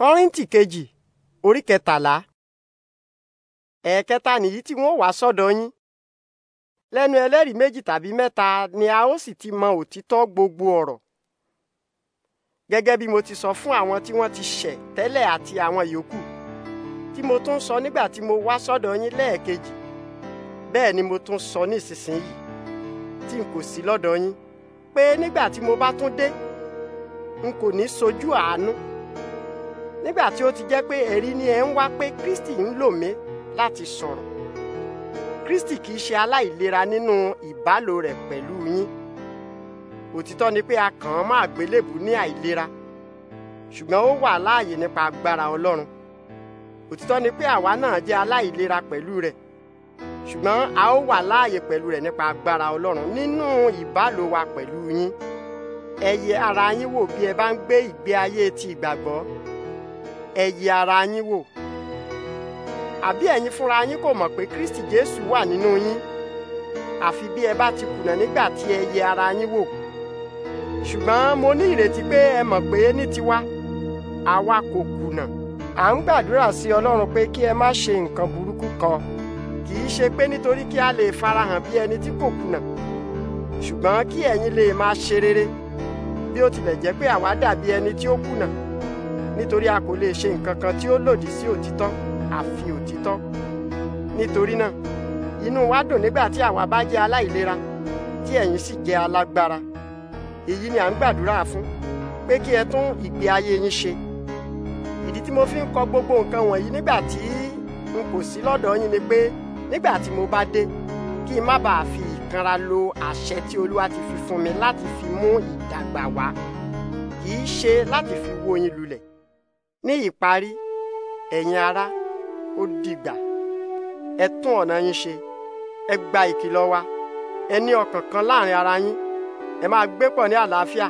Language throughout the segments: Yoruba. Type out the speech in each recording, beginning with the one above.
kọ́ríntì kejì orí kẹtàlá ẹ̀ẹ̀kẹta nìyí tí wọ́n wá sọ́dọ̀ yín lẹ́nu ẹlẹ́rìí méjì tàbí mẹ́ta ni a ó sì ti mọ òtítọ́ gbogbo ọ̀rọ̀ gẹ́gẹ́ bí mo ti sọ fún àwọn tí wọ́n ti ṣẹ̀ tẹ́lẹ̀ àti àwọn yòókù tí mo tún sọ nígbà tí mo wá sọ́dọ̀ yín lẹ́ẹ̀kejì bẹ́ẹ̀ ni mo tún sọ ní ìsinsìnyí tí n kò sí lọ́dọ̀ yín pé nígbà tí mo bá tún dé n kò ní sojú àánú nígbà tí ó ti jẹ́ pé ẹ̀rí ni ẹ̀ ń wá pé Kristi ń lò mí láti sọ̀rọ̀ Kristi kì í ṣe aláìlera nínú ìbálò rẹ̀ pẹ̀lú yín òtítọ́ ni pé a kàn án mọ́ àgbélébù ní àìlera ṣùgbọ́n ó wà láàyè nípa agbára Ọlọ́run òtítọ́ ni pé àwa náà jẹ́ aláìlera pẹ̀lú rẹ̀ ṣùgbọ́n a ó wà láàyè pẹ̀lú rẹ̀ nípa agbára Ọlọ́run nínú ìbálò wa pẹ̀lú yín ẹ yẹ ara yín wò bí ẹ bá ń gbé ìgbé ayé ti ìgbàgbọ́ ẹ ara anyị wo. àbí ẹ̀yin fúnra anyị kò mọ̀ pé Kristi Jésù wà nínú yín àfi bí ẹ bá ti kùnà nígbà tí ẹ ara anyị wo. ṣùgbọ́n mo ní ìrètí pé ẹ mọ̀ pé ní tiwa àwa kò kùnà à ń gbàdúrà sí Ọlọ́run pé kí ẹ má ṣe nǹkan burúkú kan kì í ṣe pé nítorí kí a lè farahàn bí ẹni tí kò kùnà ṣùgbọ́n kí ẹ̀yin lè máa ṣe rere bí ó tilẹ̀ jẹ́ pé àwa dàbí ẹni tí ó kùnà. nítorí a kò lè ṣe nǹkan kan tí ó lòdì sí òtítọ́ àfi òtítọ́ nítorí náà inú wa dùn nígbà tí àwa bá jẹ́ aláìlera tí ẹ̀yin sì jẹ́ alágbára èyí ni à ń gbàdúrà fún pé kí ẹ tún ìgbé ayé yín ṣe ìdí tí mo fi ń kọ gbogbo nǹkan wọ̀nyí nígbà tí n kò sí lọ́dọ̀ yín ni pé nígbà tí mo bá dé kí n má bàa fi ìkanra lo àṣẹ tí olúwa ti fi fún mi láti fi mú ìdàgbà wá kì í ṣe láti fi wó yín lulẹ̀ ní ìparí ẹ̀yin ará ó dìgbà ẹ tún ọ̀nà yín ṣe ẹ gba ìkìlọ̀ wa ẹ ní ọkàn kan láàrin ara yín ẹ máa gbé pọ̀ ní àlàáfíà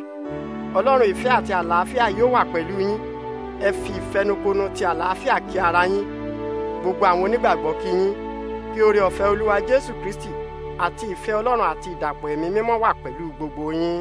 ọlọ́run ìfẹ́ àti àlàáfíà yóò wà pẹ̀lú yín ẹ fi ìfẹnukonu ti àlàáfíà kí ara yín gbogbo àwọn onígbàgbọ́ kí yín kí oore ọ̀fẹ́ olúwa jésù kristi àti ìfẹ́ ọlọ́run àti ìdàpọ̀ ẹ̀mí mímọ́ wà pẹ̀lú gbogbo yín.